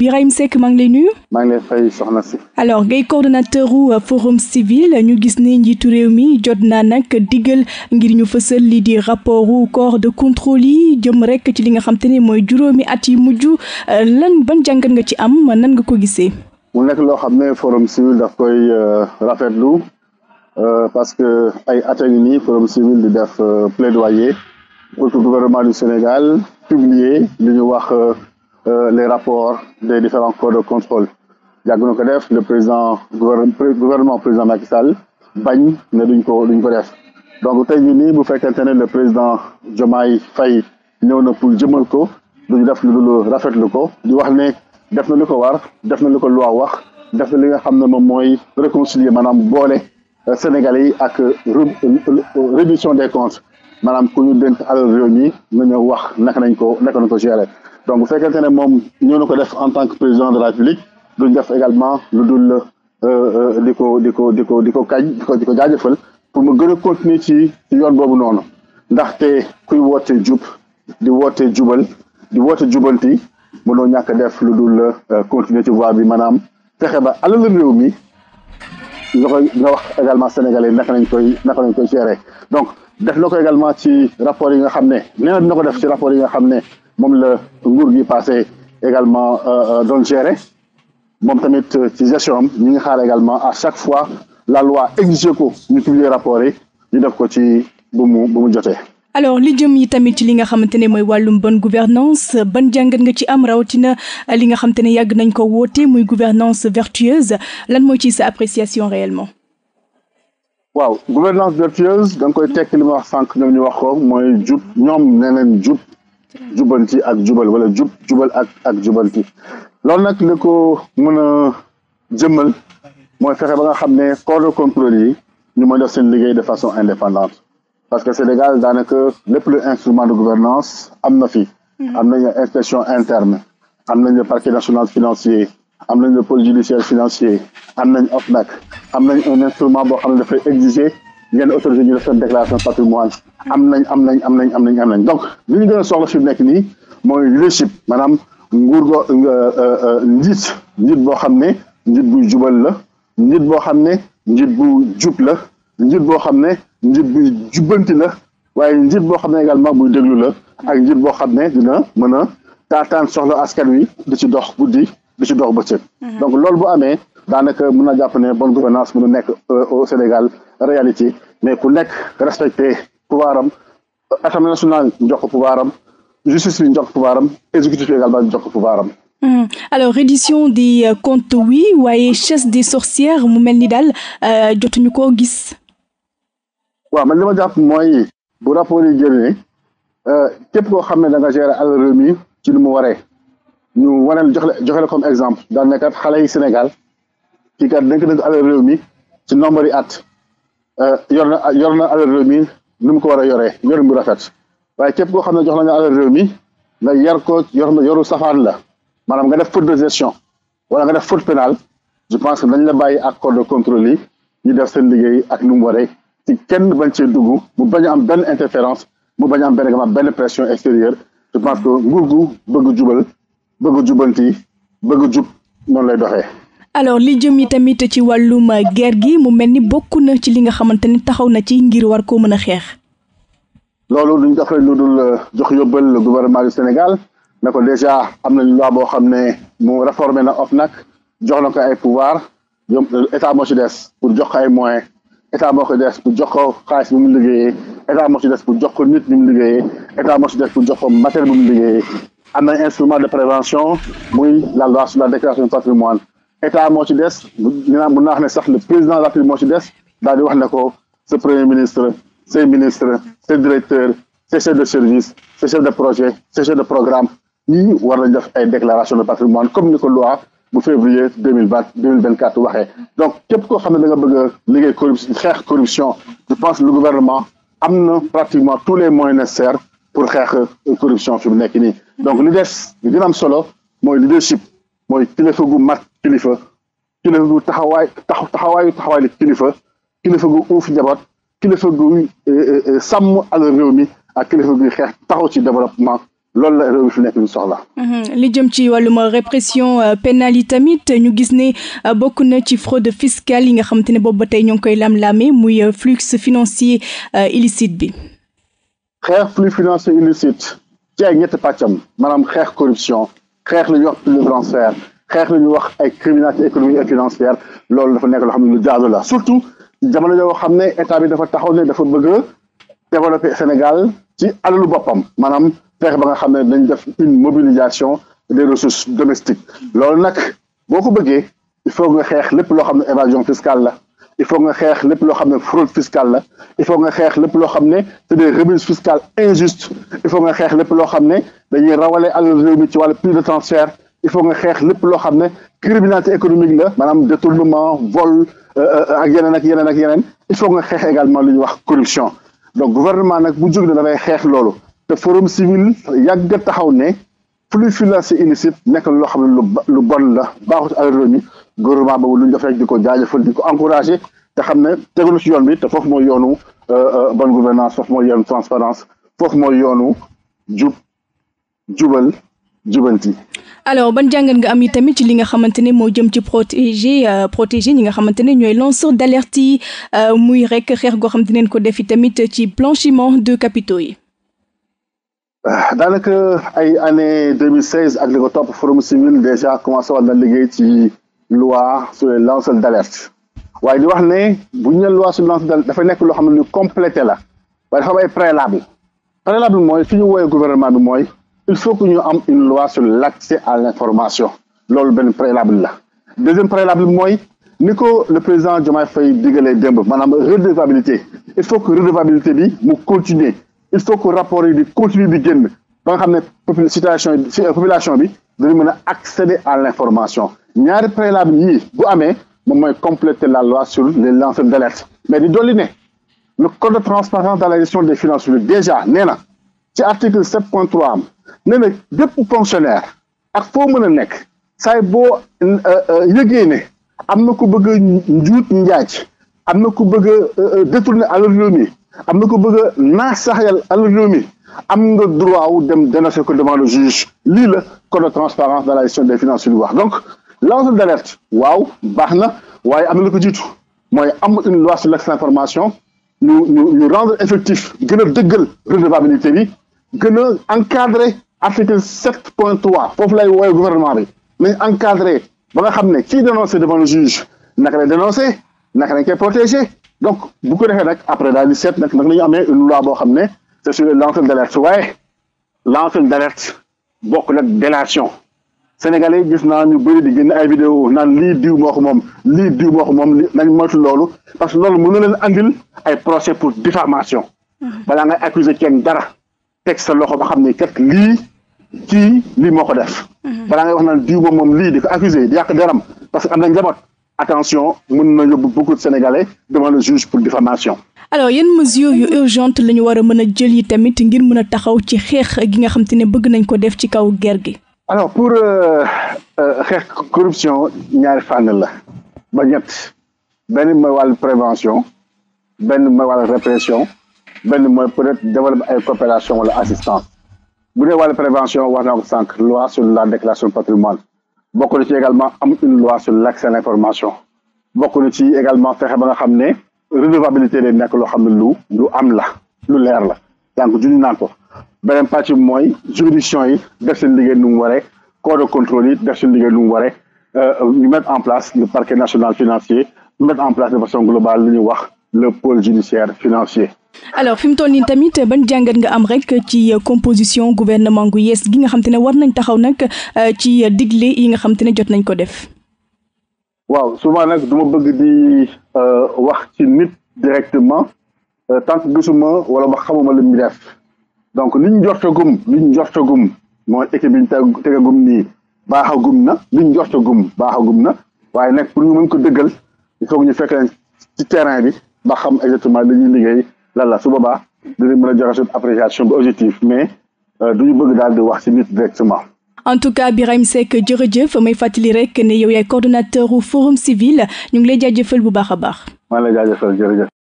Birahim Seck maa ngi lay nuyu. maa ngi lay fay soxna si. alors ngay coordonnateur u euh, forum civil ñu gis ne njiitu réew mi jot naa nag digal ngir ñu fësal lii di rapport u corps de contrôle yi jëm rek ci li nga xam te ne mooy juróomi at yi mujj euh, lan ban jàngat nga ci am nan nga ko gisee. mu nekk loo xam ne forum civil daf koy euh, rafetlu parce que ay at a ngi nii forum civil di def plaidoyer pour que gouvernement du Sénégal publier li ñu wax. Euh, les rapports des différents corps de contrôle yàgg na ko def le président gouvernement président Macky Sall bañ ne duñ ko duñ ko def donc tey jii nii bu fekkente ne le président Diomaye Faye ñëw na pour jëmal ko duñu def lu rafet rafetlu ko di wax ne def na lu ko war def na lu ko loi wax def na li nga xam ne moom mooy réconcilier maanaam boole euh, Sénégalais yi ak euh, réduction des comptes maanaam ku ñu dénk alal réew mi na ñëw wax naka nañ ko naka nañ ko gérer donc bu fekkente ne moom ñoo na ko def en tant que président de la République duñ def également lu dul euh, euh, di ko di ko di ko di ko kañ di ko jaajëfal pour mu gën a continuer ci yoon boobu noonu ndaxte kuy woote jub di woote jubal di woote jubal jubanti mënoo ñàkk def lu dul euh, continuer ci voie bi maanaam fexe ba alal réew mi nga koy nga wax également sénégalais naka nañ koy naka lañ koy gérer donc def na ko également ci rapport yi nga xam ne nee na dina ko def ci rapport yi nga xam ne moom la nguur gi passé également euh, euh, doon gérer moom tamit euh, ci gestion am ngi xaar également à chaque fois la loi exige ko ñu publier rapport yi ñu def ko ci bu mu bu mu jotee. alors li jëm yi tamit ci li nga xamante ne mooy wàllum bonne gouvernance ban jàngat nga ci am rawatina li nga xamante ne yàgg nañ ko woote muy gouvernance vertueuse lan mooy ci sa appréciation réellement. waaw gouvernance vertueuse da nga koy tekk li ma wax sànq ñoom ñu wax ko mooy jub ñoom nee jubal jubanti ak jubal wala jub jubal ak jubal jubanti loolu nag li ko mën a jëmmal mooy fexe ba nga xam ne corps de contrôle yi ñu mën def seen liggéey de façon indépendante parce que Sénégal daanaka lépp lu instrument de gouvernance am na fi mm-hmm. am nañu inspection interne am nañu parquet national financier am nañu le pôle judiciaire financier am nañ OFNAC am nañ un instrument boo xam ne dafay exiger ngeen autorisé ñu def seen déclaration patrimoine am nañ am nañ am nañ am nañ am nañ donc li ñu gën a soxla nii mooy leadership maanaam nguur go euh, euh, euh, njiit boo xam ne njiit buy jubal la njiit boo xam ne njiit bu jub la njiit boo xam ne njiit buy jubbanti la waaye njiit boo xam ne également buy déglu la ak njiit boo xam ne dina mën a taataan soxla askan wi di ci dox guddi di ci dox bëccëg mhm. donc loolu bu amee daanaka mën a jàpp ne bonne gouvernance mënu nekk euh, Sénégal réalité mais ku nekk respecté pouvoir am assemblée nationale jox ko pouvoir am justice bi jox ko pouvoir am exécutif bi également jox ko hmm. alors reddition des euh, comptes oui waaye chasse des sorcières mu mel ni daal euh, jotuñu koo gis. wa man li ma jàpp mooy bu rapport yi génnee képp koo xam ne da nga gérer alal réew ci lu mu waree ñu waneel joxe joxe la comme exemple daan nekkat xale Sénégal kii kat dénk nañ ko alal réew mi ci nombre yi at euh, yor na yor na alal réew mi nu mu ko war a yoree yorin bu rafet waaye képp koo xam ne jox nañu alal réew mi nga yar ko yor na yoru safaan la maanaam nga def faute de gestion wala nga def faute pénale je pense que nañ la bàyyi ak corps de contrôle yi ñu def seen liggéey ak nu mu waree ci kenn bañ cee dugg mu bañ am benn interférence mu bañ a am benn benn pression extérieure je pense que nguur gu bëgg jubal bëgg jubanti bëgg jub noonu lay doxee. alors li jëm yi tamit ci wàllum geer gi mu mel ni bokk na ci li nga xamante ni taxaw na ci ngir war koo mën a xeex. loolu duñ jox rek lu dul euh, jox yóbbal gouvernement du Sénégal na ko déjà am na loi boo xam ne mu réformé na OFNAC jox na ko ay pouvoir yom euh, état moo ci des pour jox ko ay moyens état moo ko des pour jox ko xaalis bi mu liggéeyee état moo ci des pour jox ko nit bi mu liggéeyee état moo ci jox ko matériel bi mu am na instrument de prévention muy la loi sur la déclaration de patrimoine état moo ci des ñu sax le président de la République moo ci des daal premier ministre ses ministres ses directeurs ses chefs de service ses chefs de projet ses chefs de programme ñii war nañ déclaration de patrimoine comme ni ko loi bu février deux mille vingt donc képp koo xam ne a liggéey corruption xeex corruption je pense que le gouvernement am na pratiquement tous les moyens nécessaires pour xeex corruption fi mu nekk nii donc li leadership mooy kilifa gu kilifa kilifa gu taxawaay taxawaayu taxawaay la kilifa kilifa gu uuf njaboot kilifa guy eh, eh, eh, sàmm alal réew mi ak kilifa guy xeex taxaw ci développement loolu la réew mi nekk ñu soxla. Mhm. li jëm ci wàllum répression euh, pénale yi tamit ñu gis ne euh, bokk na ci fraude fiscale yi nga xam te ne boobu ba tey ñoo ngi koy lam-laamee muy euh, flux financier illicite bi. xeex flux financier illicite ci ñetti pàccam maanaam xeex corruption xeex lu ñuy wax plus transfert xeex lañu wax ay criminalité économique et financière loolu dafa nekk loo xam ne lu jaadu la surtout jamono joo xam ne état bi dafa taxaw ne dafa bëgg a développer Sénégal ci alalu boppam maanaam feex ba nga xam ne dañ def une mobilisation des ressources domestiques loolu nag boo ko bëggee il faut nga xeex lépp loo xam ne évasion fiscale la il faut nga xeex lépp loo xam ne fraude fiscale la il faut nga xeex lépp loo xam ne c'est des remises fiscales injustes il faut xeex lépp loo xam ne dañuy rawale alal réew mi ci wàllu plus de transfert il faut nga xeex lépp loo xam ne criminalité économique la maanaam détournement vol euh, euh, ak yeneen ak yeneen ak yeneen il faut nga xeex également lu ñuy wax corruption donc gouvernement nag bu jóg ne dafay xeex loolu te forum civil yàgg taxaw ne flux financier illicite nekk loo xam ne lu lu bon la baaxut alal réew gouvernement boobu lu ñu def rek di ko jaajëfal di ko te xam ne tegul ci yoon bi te foofu mooy yoonu euh, bonne gouvernance foofu mooy yoonu transparence foofu mooy yoonu jub jubanti. alors ban jàngat nga am yi tamit ci li nga xamante ne moo jëm ci protéger euh, protéger ñi nga xamante ne ñooy lanceur d'alerte yi euh, muy rek xeex goo xam dinañ ko defi tamit ci blanchiment de capitaux yi. Ah, daanaka ay année 2016 ak li ko topp forum civil déjà commencé woon na liggéey ci loi sur les lanceurs d'alerte waaye di wax ne bu ñu loi sur lanceur d'alerte dafa nekk loo xam ne lu complété la waaye dafa am ay préalable préalable mooy fi ñu woowee gouvernement bi mooy. il faut que ñu am une loi sur l' à l' loolu benn préalable la deuxième préalable mooy ni ko le président Diomaye Faye digalee demb maanaam redevabilité il faut que redevabilité bi mu continuer il faut que rapport yi di continuer di génn ba nga xam ne popul situation population bi dañu mën a accéder à l' information ñaari préalable yii bu amee moom mooy compléter la loi sur les lanceurs d' alerte mais di dolli ne le code de des finances publiques nee na ci article sept am ne nag bépp fonctionnaire ak foo mën a nekk saay boo euh, euh, yëgee ne am na ko bëgg a njuut njaaj am na ku bëgg a euh, détourner alal réew mi am na ko bëgg a naax saxyal alal am nga droit wu dem dénoncer ko devant le juge lii la code de transparence de la gestion des finances lu wax donc lancer d'alerte waaw baax na waaye am na lu ko jiitu mooy am une loi sur l'information ñu ñu ñu rendre effectif gën a dëggal redevabilité bi gën a encadré article sept point trois foofu lay woowee gouvernement bi nañ encadré ba nga xam ne kii dénoncé devant le juge naka lay dénoncé naka lañ koy protégé donc bu ko defee nag après daal di seet nag nag la ñu amee une loi boo xam ne c'est sur l'entrée d'alerte waaye l'entrée d'alerte bokk nag délation sénégalais gis naa ñu bëri di génn ay vidéo naan lii diw moo ko moom lii diw moo ko moom nañ moytu loolu parce que loolu mën na leen andil ay procès pour diffamation mm-hmm. balaa ngay dara teg sa loxo ba xam ne kat lii kii lii moo ko def. Mhm. balaa ngay wax naan diw moom moom lii di ko accuser di yàq deram parce que am na njaboot attention mën na yóbbu beaucoup de sénégalais devant le juge pour diffamation alors yenn mesures yu urgente la ñu war a mën a jël yi tamit ngir mën a taxaw ci xeex gi nga xam te ne bëgg nañ ko def ci kaw ger gi. alors pour euh, euh, xeex corruption ñaari fànn la ba ñett benn mooy wàllu prévention benn mooy wàllu répression. benn mooy peut-être développer ay coopération la assistance bu dee wàllu prévention wax naa ko sànq loi sur la déclaration de patrimoine bokk na ci également am une loi sur l'accès à l'information bokk ci également fexe ba nga xam ne redevabilité le nekk loo xam ne lu lu am la lu leer la donc junj naa ko beneen pàcc mooy juridiction yi def seen liggéey nu mu waree corps de contrôle yi def seen liggéey nu mu waree euh, en place le parquet national financier mettre en place de façon globale lu ñuy wax le pôle judiciaire financier. alors fi mu toll nii tamit ban jàngat nga am rek ci euh, composition gouvernement gu yees gi nga xam te ne war nañ taxaw nag euh, ci euh, digle yi nga xam ne jot nañ ko def. waaw souvent nag du ma bëgg di wax ci nit directement tant que gisuma wala ma xamuma li mu def donc liñ jortagum liñ jortagum mooy équipe bi ñu ni nii baaxagum na liñ jortagum baaxagum na waaye nag pour ñu ko dëggal il ñu fekk ci terrain bi. ba xam exactement li ñuy liggéey lan la su boobaa dinañ a joxe suñu appréciation bu objectif mais euh, du ñu bëgg daal di wax ci nit directement. en tout cas Birahim Seck jërëjëf may fàttali rek ne yow yaay coordonnateur u Forum Civil ñu ngi lay jaajëfal bu baax a baax. maa lay jaajëfal jërëjëf.